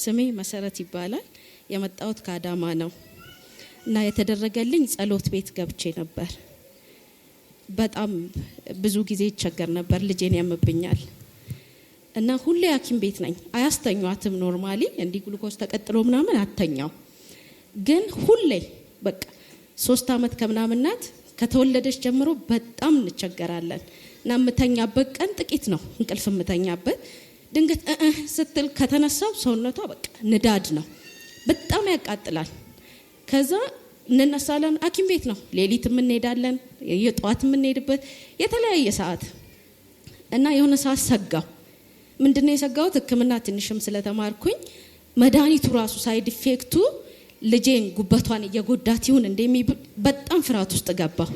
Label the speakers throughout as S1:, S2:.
S1: ስሜ መሰረት ይባላል። የመጣሁት ከአዳማ ነው እና የተደረገልኝ ጸሎት ቤት ገብቼ ነበር። በጣም ብዙ ጊዜ ይቸገር ነበር። ልጄን ያምብኛል እና ሁሌ ሐኪም ቤት ነኝ። አያስተኛትም ኖርማሊ እንዲህ ግሉኮስ ተቀጥሎ ምናምን አተኛው። ግን ሁሌ በቃ ሶስት አመት ከምናምን ናት ከተወለደች ጀምሮ በጣም እንቸገራለን እና የምተኛበት ቀን ጥቂት ነው እንቅልፍ የምተኛበት ድንገት ስትል ከተነሳው ሰውነቷ በቃ ንዳድ ነው፣ በጣም ያቃጥላል። ከዛ እንነሳለን። ሐኪም ቤት ነው ሌሊት እንሄዳለን፣ የጠዋት የምንሄድበት የተለያየ ሰዓት እና የሆነ ሰዓት ሰጋው። ምንድነው የሰጋሁት? ሕክምና ትንሽም ስለተማርኩኝ መድኃኒቱ ራሱ ሳይድ ኢፌክቱ ልጄን ጉበቷን እየጎዳት ይሁን እንደሚ በጣም ፍርሃት ውስጥ ገባሁ።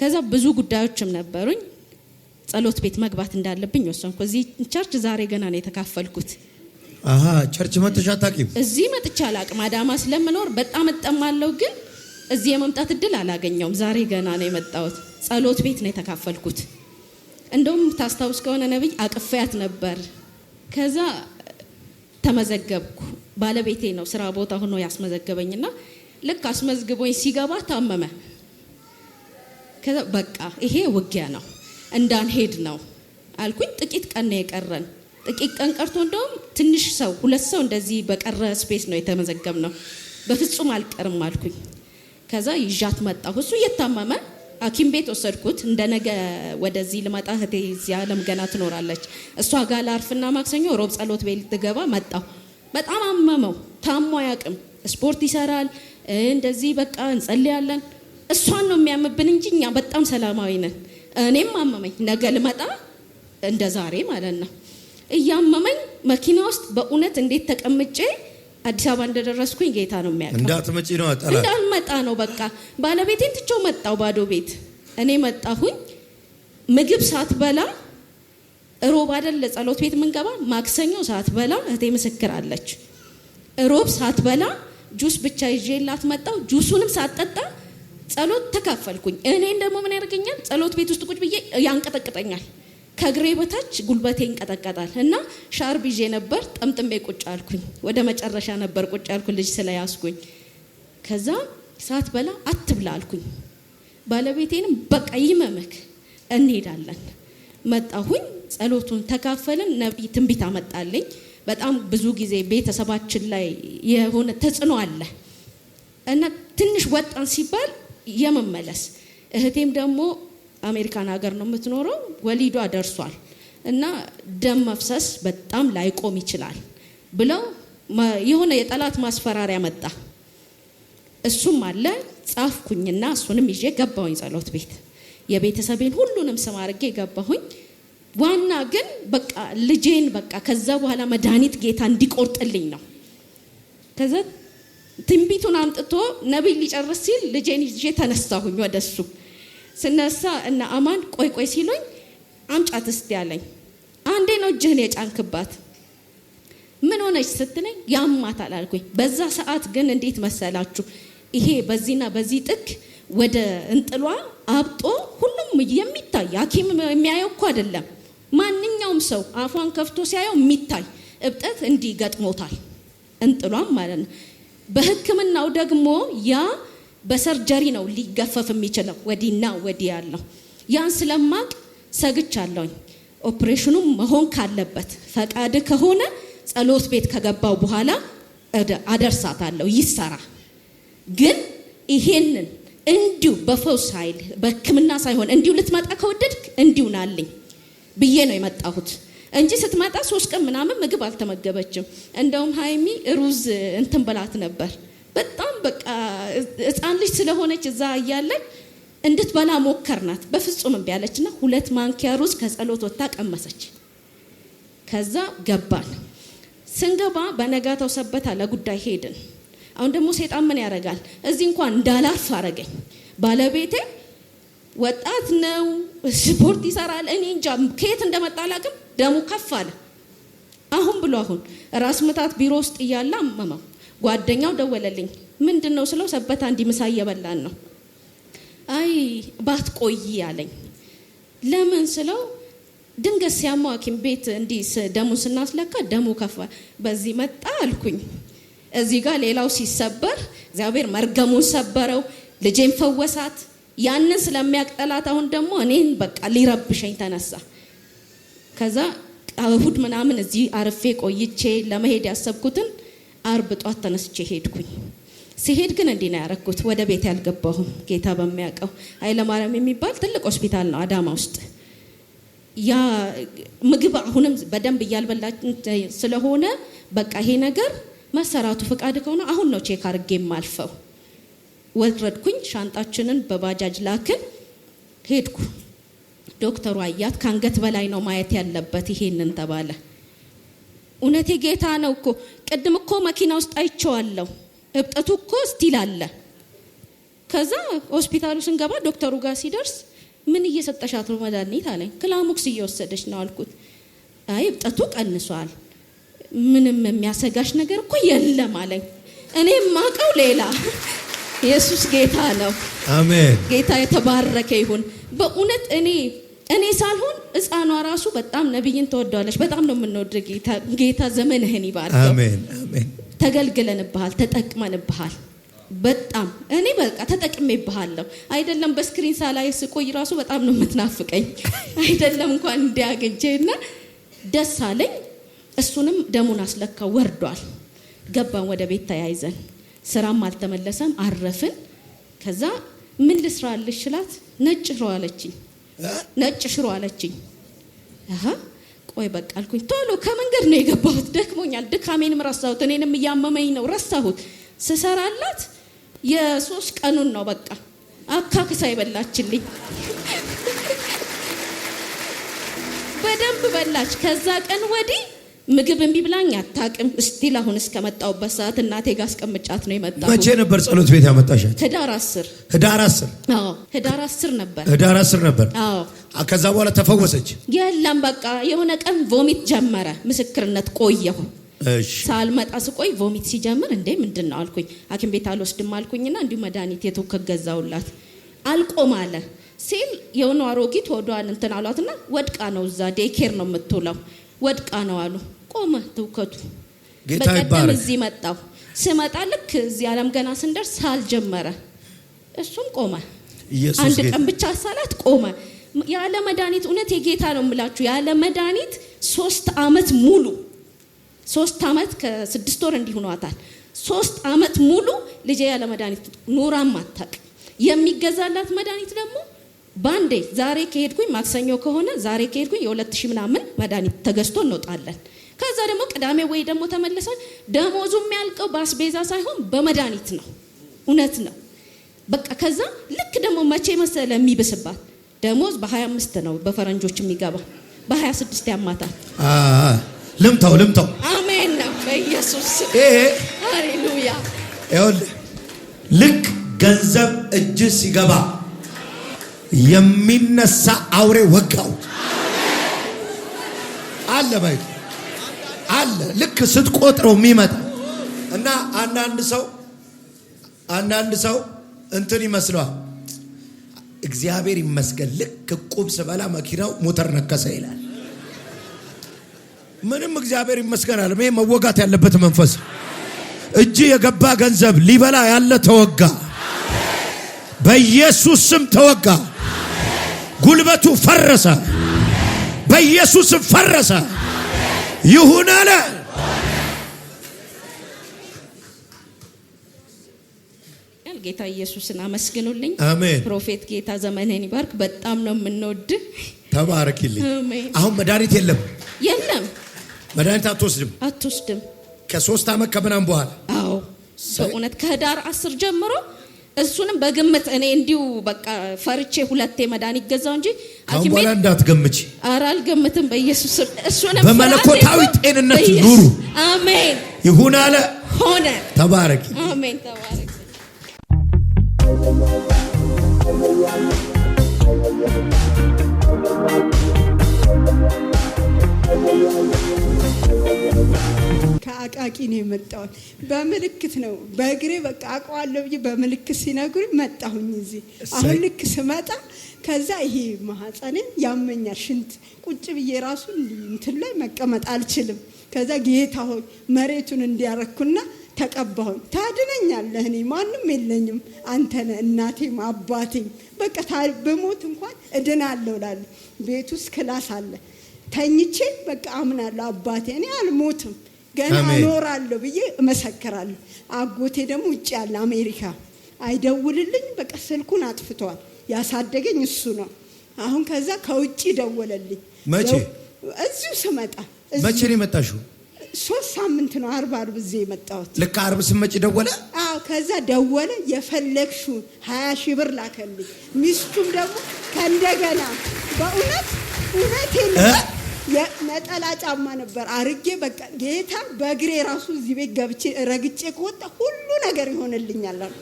S1: ከዛ ብዙ ጉዳዮችም ነበሩኝ ጸሎት ቤት መግባት እንዳለብኝ ወሰንኩ። እዚህ ቸርች ዛሬ ገና ነው የተካፈልኩት።
S2: ቸርች መጥተሽ አታውቂም?
S1: እዚህ መጥቼ አላቅም። አዳማ ስለምኖር በጣም እጠማለሁ፣ ግን እዚህ የመምጣት እድል አላገኘውም። ዛሬ ገና ነው የመጣሁት። ጸሎት ቤት ነው የተካፈልኩት። እንደውም ታስታውስ ከሆነ ነብይ አቅፋያት ነበር። ከዛ ተመዘገብኩ። ባለቤቴ ነው ስራ ቦታ ሆኖ ያስመዘገበኝና ልክ አስመዝግቦኝ ሲገባ ታመመ። ከዛ በቃ ይሄ ውጊያ ነው እንዳንሄድ ነው አልኩኝ። ጥቂት ቀን ነው የቀረን። ጥቂት ቀን ቀርቶ እንደውም ትንሽ ሰው ሁለት ሰው እንደዚህ በቀረ ስፔስ ነው የተመዘገብ ነው። በፍጹም አልቀርም አልኩኝ። ከዛ ይዣት መጣሁ። እሱ እየታመመ ሐኪም ቤት ወሰድኩት። እንደ ነገ ወደዚህ ልመጣ እህቴ እዚህ ዓለም ገና ትኖራለች። እሷ ጋር ላርፍና ማክሰኞ ሮብ ጸሎት ቤት ልትገባ መጣሁ። በጣም አመመው። ታሞ አያውቅም። ስፖርት ይሰራል እንደዚህ በቃ እንጸልያለን። እሷን ነው የሚያምብን እንጂ እኛ በጣም ሰላማዊ ነን። እኔም አመመኝ። ነገ ልመጣ እንደ ዛሬ ማለት ነው እያመመኝ መኪና ውስጥ በእውነት እንዴት ተቀምጬ አዲስ አበባ እንደደረስኩኝ ጌታ ነው የሚያውቀው።
S2: እንዳትመጪ ነው ጠላት
S1: እንዳልመጣ ነው በቃ። ባለቤቴን ትቼው መጣው ባዶ ቤት እኔ መጣሁኝ። ምግብ ሳትበላ እሮብ አይደል ለጸሎት ቤት ምንገባ ማክሰኞ ሳትበላ እህቴ ምስክር አለች። እሮብ ሳትበላ ጁስ ብቻ ይዤላት መጣው። ጁሱንም ሳትጠጣ ጸሎት ተካፈልኩኝ። እኔን ደግሞ ምን ያደርገኛል? ጸሎት ቤት ውስጥ ቁጭ ብዬ ያንቀጠቅጠኛል። ከእግሬ በታች ጉልበቴ ይንቀጠቀጣል እና ሻርብ ይዤ ነበር ጠምጥሜ ቁጭ አልኩኝ። ወደ መጨረሻ ነበር ቁጭ አልኩኝ ልጅ ስለያዝኩኝ። ከዛ ሰዓት በላ አትብላ አልኩኝ። ባለቤቴንም በቃ ይመመክ እንሄዳለን። መጣሁኝ፣ ጸሎቱን ተካፈልን። ነቢይ ትንቢት አመጣልኝ። በጣም ብዙ ጊዜ ቤተሰባችን ላይ የሆነ ተጽዕኖ አለ እና ትንሽ ወጣን ሲባል የመመለስ እህቴም ደግሞ አሜሪካን ሀገር ነው የምትኖረው። ወሊዷ ደርሷል እና ደም መፍሰስ በጣም ላይቆም ይችላል ብለው የሆነ የጠላት ማስፈራሪያ መጣ። እሱም አለ ጻፍኩኝና እሱንም ይዤ ገባሁኝ ጸሎት ቤት የቤተሰቤን ሁሉንም ስም አድርጌ ገባሁኝ። ዋና ግን በቃ ልጄን በቃ ከዛ በኋላ መድኃኒት ጌታ እንዲቆርጥልኝ ነው ከዛ ትንቢቱን አምጥቶ ነቢይ ሊጨርስ ሲል ልጄን ይዤ ተነሳሁኝ ወደ እሱ ስነሳ እነ አማን ቆይ ቆይ ሲሉኝ አምጫት እስቲ ያለኝ አንዴ ነው እጅህን የጫንክባት ምን ሆነች ስትለኝ ያማታል አልኩኝ በዛ ሰዓት ግን እንዴት መሰላችሁ ይሄ በዚህና በዚህ ጥግ ወደ እንጥሏ አብጦ ሁሉም የሚታይ ሐኪም የሚያየው እኮ አይደለም ማንኛውም ሰው አፏን ከፍቶ ሲያየው የሚታይ እብጠት እንዲህ ገጥሞታል እንጥሏም ማለት ነው በህክምናው ደግሞ ያ በሰርጀሪ ነው ሊገፈፍ የሚችለው ወዲና ወዲ ያለው ያን ስለማቅ አለውኝ ኦፕሬሽኑ መሆን ካለበት ፈቃድ ከሆነ ጸሎት ቤት ከገባው በኋላ አለው ይሰራ። ግን ይሄንን እንዲሁ በፈውስ ኃይል በህክምና ሳይሆን እንዲሁ ልትመጣ ከወደድክ እንዲሁ ናልኝ ብዬ ነው የመጣሁት። እንጂ ስትመጣ ሶስት ቀን ምናምን ምግብ አልተመገበችም። እንደውም ሀይሚ ሩዝ እንትን በላት ነበር። በጣም በቃ ህፃን ልጅ ስለሆነች እዛ እያለን እንድትበላ ሞከርናት። በፍጹም እምቢ አለችና ሁለት ማንኪያ ሩዝ ከጸሎት ወጥታ ቀመሰች። ከዛ ገባን። ስንገባ በነጋታው ሰበታ ለጉዳይ ሄድን። አሁን ደግሞ ሴጣን ምን ያደርጋል? እዚህ እንኳን እንዳላርፍ አረገኝ። ባለቤቴ ወጣት ነው፣ ስፖርት ይሰራል። እኔ እንጃ ከየት እንደመጣ አላውቅም። ደሙ ከፍ አለ። አሁን ብሎ አሁን ራስ ምታት ቢሮ ውስጥ እያለ አመመው። ጓደኛው ደወለልኝ። ምንድን ነው ስለው ሰበታ እንዲህ ምሳ እየበላን ነው። አይ ባትቆይ አለኝ። ለምን ስለው ድንገት ሲያማው ሐኪም ቤት እንዲህ ደሙን ስናስለካ ደሙ ከፋ። በዚህ መጣ አልኩኝ። እዚህ ጋር ሌላው ሲሰበር እግዚአብሔር መርገሙን ሰበረው፣ ልጄን ፈወሳት። ያንን ስለሚያቅጠላት አሁን ደግሞ እኔን በቃ ሊረብሸኝ ተነሳ። ከዛ እሁድ ምናምን እዚህ አርፌ ቆይቼ ለመሄድ ያሰብኩትን አርብ ጧት ተነስቼ ሄድኩኝ። ሲሄድ ግን እንዲህ ነው ወደ ቤት ያልገባሁም ጌታ በሚያውቀው ኃይለማርያም የሚባል ትልቅ ሆስፒታል ነው አዳማ ውስጥ። ያ ምግብ አሁንም በደንብ እያልበላ ስለሆነ በቃ ይሄ ነገር መሰራቱ ፈቃድ ከሆነ አሁን ነው ቼክ አድርጌ የማልፈው። ወረድኩኝ። ሻንጣችንን በባጃጅ ላክን፣ ሄድኩ ዶክተሩ አያት ከአንገት በላይ ነው ማየት ያለበት ይሄንን ተባለ። እውነቴ ጌታ ነው እኮ ቅድም እኮ መኪና ውስጥ አይቸዋለሁ እብጠቱ እኮ ስቲል አለ። ከዛ ሆስፒታሉ ስንገባ ዶክተሩ ጋር ሲደርስ ምን እየሰጠሻት ነው መዳኒት አለኝ። ክላሙክስ እየወሰደች ነው አልኩት። አይ እብጠቱ ቀንሷል፣ ምንም የሚያሰጋሽ ነገር እኮ የለም አለኝ። እኔ ማቀው ሌላ። ኢየሱስ ጌታ ነው። አሜን። ጌታ የተባረከ ይሁን በእውነት እኔ እኔ ሳልሆን ህፃኗ ራሱ በጣም ነብይን ተወደዋለች። በጣም ነው የምንወድ ጌታ ዘመንህን ይባል። ተገልግለንብሃል፣ ተጠቅመንብሃል። በጣም እኔ በቃ ተጠቅሜብሃለሁ። አይደለም በስክሪን ሳላይ ስቆይ ራሱ በጣም ነው የምትናፍቀኝ። አይደለም እንኳን እንዲያገኘ እና ደስ አለኝ። እሱንም ደሙን አስለካ ወርዷል። ገባን ወደ ቤት ተያይዘን፣ ስራም አልተመለሰም፣ አረፍን። ከዛ ምን ልስራልሽ ስላት ነጭ ረዋለችኝ ነጭ ሽሮ አለችኝ። ቆይ በቃ አልኩኝ። ቶሎ ከመንገድ ነው የገባሁት። ደክሞኛል፣ ድካሜንም ረሳሁት፣ እኔንም እያመመኝ ነው ረሳሁት። ስሰራላት የሶስት ቀኑን ነው በቃ አካክሳ ይበላችልኝ። በደንብ በላች። ከዛ ቀን ወዲህ ምግብ እምቢ ብላኝ አታውቅም። ስቲል አሁን እስከመጣሁበት ሰዓት እናቴ ጋር አስቀምጫት ነው የመጣሁት።
S2: መቼ ነበር ጸሎት ቤት ያመጣሻት?
S1: ህዳር አስር ህዳር አስር ህዳር አስር ነበር
S2: ህዳር አስር ነበር። ከዛ በኋላ ተፈወሰች።
S1: የለም በቃ የሆነ ቀን ቮሚት ጀመረ። ምስክርነት ቆየሁ ሳልመጣ ስቆይ ቮሚት ሲጀምር እንዴ ምንድን ነው አልኩኝ። ሐኪም ቤት አልወስድም አልኩኝና እንዲሁ መድኃኒት የቱ ከገዛውላት አልቆም አለ ሲል የሆነ አሮጊት ሆዷን እንትን አሏትና ወድቃ ነው እዛ ዴይ ኬር ነው የምትውለው ወድቃ ነው አሉ። ቆመ ትውከቱ። በቀደም እዚህ መጣሁ ስመጣ ልክ እዚህ ዓለም ገና ስንደርስ ሳል ጀመረ። እሱም ቆመ። አንድ ቀን ብቻ ሳላት ቆመ። ያለ መድኃኒት እውነት የጌታ ነው የምላችሁ፣ ያለ መድኃኒት ሶስት አመት ሙሉ ሶስት አመት ከስድስት ወር እንዲህ ሶስት አመት ሙሉ ልጄ ያለ መድኃኒት ኖራም አታውቅም። የሚገዛላት መድኃኒት ደግሞ ባንዴ ዛሬ ከሄድኩኝ ማክሰኞ ከሆነ ዛሬ ከሄድኩኝ የሁለት ሺህ ምናምን መድኃኒት ተገዝቶ እንወጣለን። ከዛ ደግሞ ቅዳሜ ወይ ደግሞ ተመለሰን። ደሞዙ የሚያልቀው በአስቤዛ ሳይሆን በመድኃኒት ነው። እውነት ነው። በቃ ከዛ ልክ ደግሞ መቼ መሰለ የሚብስባት ደሞዝ በ25 ነው በፈረንጆች የሚገባ በ26 ያማታል።
S2: ልምተው ልምተው።
S1: አሜን ነው በኢየሱስ ሃሌሉያ።
S2: ልክ ገንዘብ እጅ ሲገባ የሚነሳ አውሬ ወጋው አለ ባይ አለ። ልክ ስትቆጥረው የሚመጣ እና አንዳንድ ሰው አንዳንድ ሰው እንትን ይመስለዋል። እግዚአብሔር ይመስገን ልክ ቁብ ስበላ መኪናው ሞተር ነከሰ ይላል። ምንም እግዚአብሔር ይመስገን አለ። ይሄ መወጋት ያለበት መንፈስ እጅ የገባ ገንዘብ ሊበላ ያለ ተወጋ፣ በኢየሱስ ስም ተወጋ። ጉልበቱ ፈረሰ፣ በኢየሱስ ፈረሰ። ይሁን አለ።
S1: ጌታ ኢየሱስን አመስግኑልኝ። አሜን። ፕሮፌት ጌታ ዘመንህን ይባርክ። በጣም ነው የምንወድህ።
S2: ተባረክልኝ። አሁን መድኃኒት የለም የለም፣ መድኃኒት አትወስድም አትወስድም። ከሶስት ዓመት ከምናም በኋላ
S1: አዎ፣ በእውነት ከህዳር አስር ጀምሮ እሱንም በግምት እኔ እንዲሁ በቃ ፈርቼ ሁለቴ መድኃኒት ገዛው እንጂ
S2: አሁን በኋላ እንዳትገምች።
S1: ኧረ አልገምትም በኢየሱስ
S2: እሱንም በመለኮታዊ ጤንነት ኑሩ። አሜን። ይሁን አለ ሆነ። ተባረክ።
S1: አሜን። ተባረክ። ነው የመጣሁት። በምልክት ነው በእግሬ በቃ አውቀዋለሁ ብዬ በምልክት ሲነግሩ መጣሁኝ እዚህ። አሁን ልክ ስመጣ ከዛ ይሄ ማህፀኔን ያመኛል። ሽንት ቁጭ ብዬ ራሱ እንትን ላይ መቀመጥ አልችልም። ከዛ ጌታ ሆይ መሬቱን እንዲያረኩና ተቀባሁኝ። ታድነኛለህ፣ እኔ ማንም የለኝም፣ አንተ ነህ እናቴም አባቴም። በቃ በሞት እንኳን እድናለሁ እላለሁ። ቤት ውስጥ ክላስ አለ ተኝቼ በቃ አምናለሁ አባቴ እኔ አልሞትም። ገና እኖራለሁ ብዬ እመሰክራለሁ። አጎቴ ደግሞ ውጭ ያለ አሜሪካ አይደውልልኝ፣ በቃ ስልኩን አጥፍተዋል። ያሳደገኝ እሱ ነው። አሁን ከዛ ከውጭ ደወለልኝ። መቼ? እዚሁ ስመጣ።
S2: መቼ ነው የመጣሽው?
S1: ሶስት ሳምንት ነው። አርብ አርብ እዚህ የመጣሁት።
S2: ልክ አርብ ስመጭ ደወለ።
S1: አዎ፣ ከዛ ደወለ። የፈለግሽው ሀያ ሺህ ብር ላከልኝ። ሚስቱም ደግሞ ከእንደገና በእውነት እውነት የለ ነጠላ ጫማ ነበር አርጌ በቃ ጌታ በእግሬ ራሱ እዚህ ቤት ገብቼ ረግጬ ከወጣ ሁሉ ነገር ይሆንልኛል አሉ።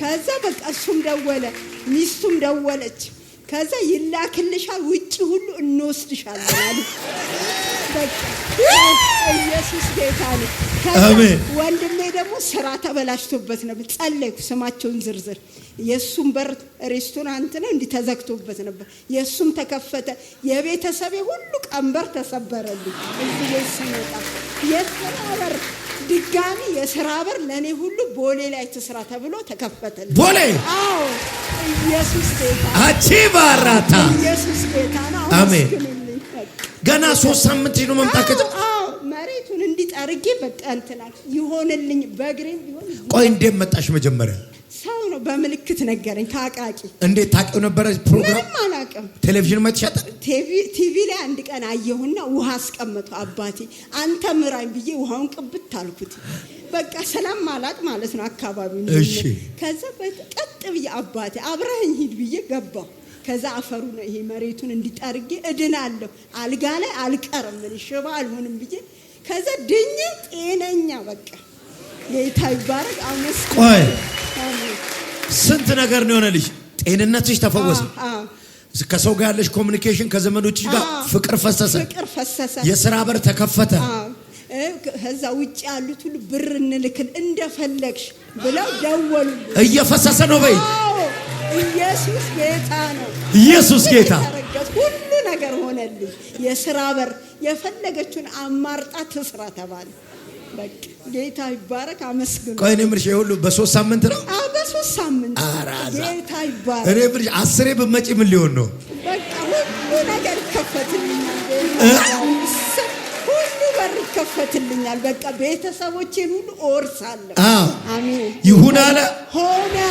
S1: ከዛ በቃ እሱም ደወለ፣ ሚስቱም ደወለች። ከዛ ይላክልሻል፣ ውጭ ሁሉ እንወስድሻለን አሉ። ኢየሱስ ጌታ ነው። ወንድሜ ደግሞ ስራ ተበላሽቶበት ነበር። ጸለይኩ፣ ስማቸውን ዝርዝር የእሱም በር ሬስቶራንት ነው እንዲህ ተዘግቶበት ነበር። የእሱም ተከፈተ። የቤተሰቤ ሁሉ ቀንበር ተሰበረልኝ። እዚህ ቤት የስራ በር ድጋሚ የስራ በር ለእኔ ሁሉ ቦሌ ላይ ትስራ ተብሎ ተከፈተልኝ። ቦሌ ኢየሱስ ጌታ ኢየሱስ ጌታ ነው። አሜን
S2: ገና ሶስት ሳምንት ሄዶ መምጣት ከጀ
S1: መሬቱን እንዲህ ጠርጌ በቃ እንትናል ይሆንልኝ በእግሬም ቢሆን
S2: ቆይ እንዴት መጣሽ መጀመሪያ
S1: ሰው ነው በምልክት ነገረኝ ታቃቂ
S2: እንዴት ታውቂው ነበረ ፕሮግራም አላውቅም ቴሌቪዥን መትሸጥ
S1: ቲቪ ላይ አንድ ቀን አየሁና ውሃ አስቀመጡ አባቴ አንተ ምራኝ ብዬ ውሃውን ቅብት አልኩት በቃ ሰላም ማላቅ ማለት ነው አካባቢው ከዛ ቀጥ ብዬ አባቴ አብረህኝ ሂድ ብዬ ገባሁ ከዛ አፈሩ ነው ይሄ መሬቱን እንዲጠርጌ እድናለሁ፣ አልጋ ላይ አልቀርም፣ ምን ሽባ አልሆንም ብዬ ከዛ ድኝ ጤነኛ በቃ ጌታ ይባረክ። አመስ ቆይ
S2: ስንት ነገር ነው የሆነልሽ። ጤንነትሽ ተፈወሰ። ከሰው ጋር ያለሽ ኮሚኒኬሽን ከዘመዶች ጋር ፍቅር ፈሰሰ፣
S1: ፍቅር ፈሰሰ።
S2: የስራ በር ተከፈተ።
S1: ከዛ ውጭ ያሉት ሁሉ ብር እንልክል እንደፈለግሽ ብለው ደወሉ።
S2: እየፈሰሰ ነው በይ
S1: ኢየሱስ ጌታ ነው።
S2: ኢየሱስ ጌታ
S1: ሁሉ ነገር ሆነልኝ። የስራ በር የፈለገችውን አማርጣ ትስራ ተባለ። በቃ ጌታ ይባረክ። አመስግኑ።
S2: ቆይ እኔ ምርሽ ሁሉ በሶስት ሳምንት ነው።
S1: በሶስት ሳምንት ጌታ ይባረክ።
S2: እኔ ምርሽ አስሬ ብትመጪ ምን ሊሆን ነው?
S1: በቃ ሁሉ ነገር ይከፈትልኛል። ሁሉ በር ይከፈትልኛል። በቃ ቤተሰቦቼን ሁሉ እወርሳለሁ።
S2: አሜን። ይሁን አለ ሆነ።